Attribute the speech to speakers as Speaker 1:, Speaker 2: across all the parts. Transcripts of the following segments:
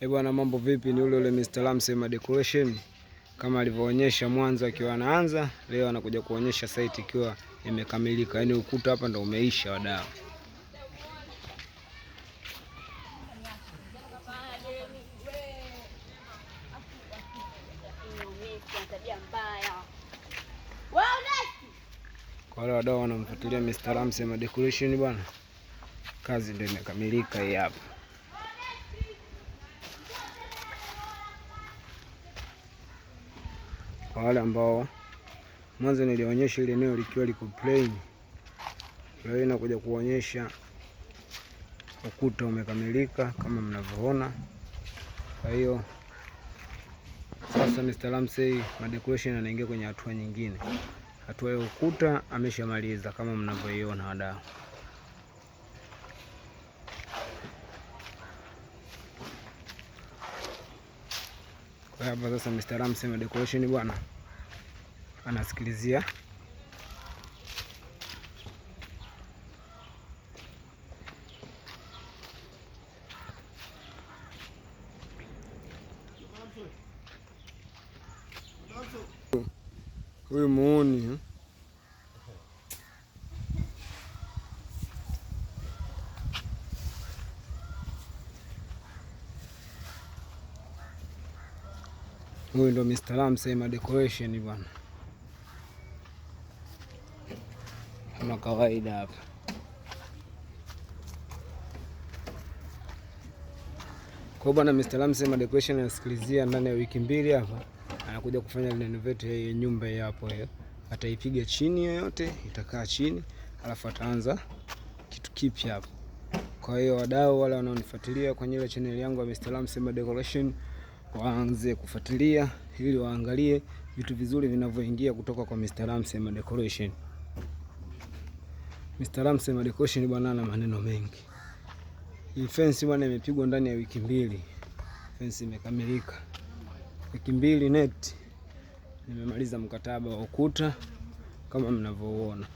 Speaker 1: Eh, bwana mambo vipi? Ni ule ule Mr. Ramsey Decoration kama alivyoonyesha mwanzo akiwa anaanza, leo anakuja kuonyesha site ikiwa imekamilika, yaani ukuta hapa ndo umeisha wadau. Kwa wale wadau wanamfuatilia Mr. Ramsey Decoration bwana, kazi ndio imekamilika hii hapa. kwa wale ambao mwanzo nilionyesha ile eneo likiwa liko plain, leo inakuja kuonyesha ukuta umekamilika kama mnavyoona. Kwa hiyo sasa Mr. Ramsey madecoration anaingia kwenye hatua nyingine. Hatua ya ukuta ameshamaliza kama mnavyoiona wadau. Kwa hapa sasa Mr. Ramsey madecoration bwana anasikilizia huyu muuni eh? huyu ndo Mr. Ramsey ma decoration bwana. kama kawaida hapa. Kwa bwana Mr. Ramsey Decoration anasikilizia ndani ya wiki mbili hapa, anakuja kufanya renovate ya hiyo nyumba hapo hiyo. Ataipiga chini yoyote, itakaa chini, alafu ataanza kitu kipya hapo. Kwa hiyo wadau wale wanaonifuatilia kwenye ile channel yangu ya Mr. Ramsey Decoration waanze kufuatilia ili waangalie vitu vizuri vinavyoingia kutoka kwa Mr. Ramsey Decoration. Mr. Ramsey Madekoshi ni bwana na maneno mengi. Hii fence bwana imepigwa ndani ya wiki mbili. Fence imekamilika. Wiki mbili net nimemaliza mkataba wa ukuta kama mnavyoona.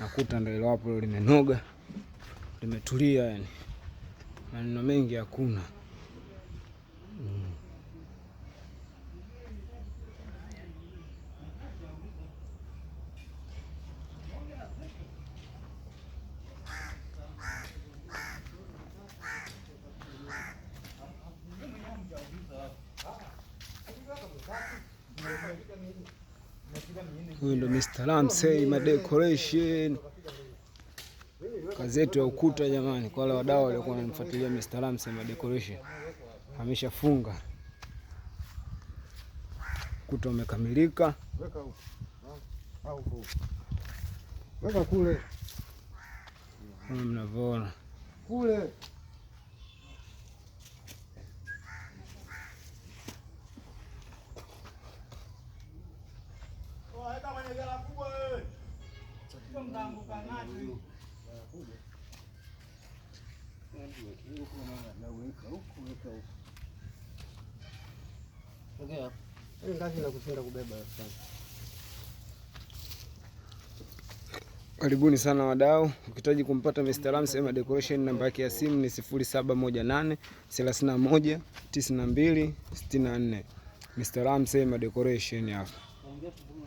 Speaker 1: Na kuta ndio ile hapo limenoga. Limetulia yani. Maneno mengi hakuna. Huyu ndo Mr. Ramsey Madecoration, kazi yetu ya ukuta jamani. Kwa wale wadau waliokuwa wanamfuatilia Mr. Ramsey Madecoration, ameshafunga ukuta, umekamilika. Weka kule, mnavyoona kule kubeba Karibuni sana wadau. Ukihitaji kumpata Mr. Ram decoration, namba yake ya simu ni 0718 31 92 64. Mr. Ram sehemu decoration hapa.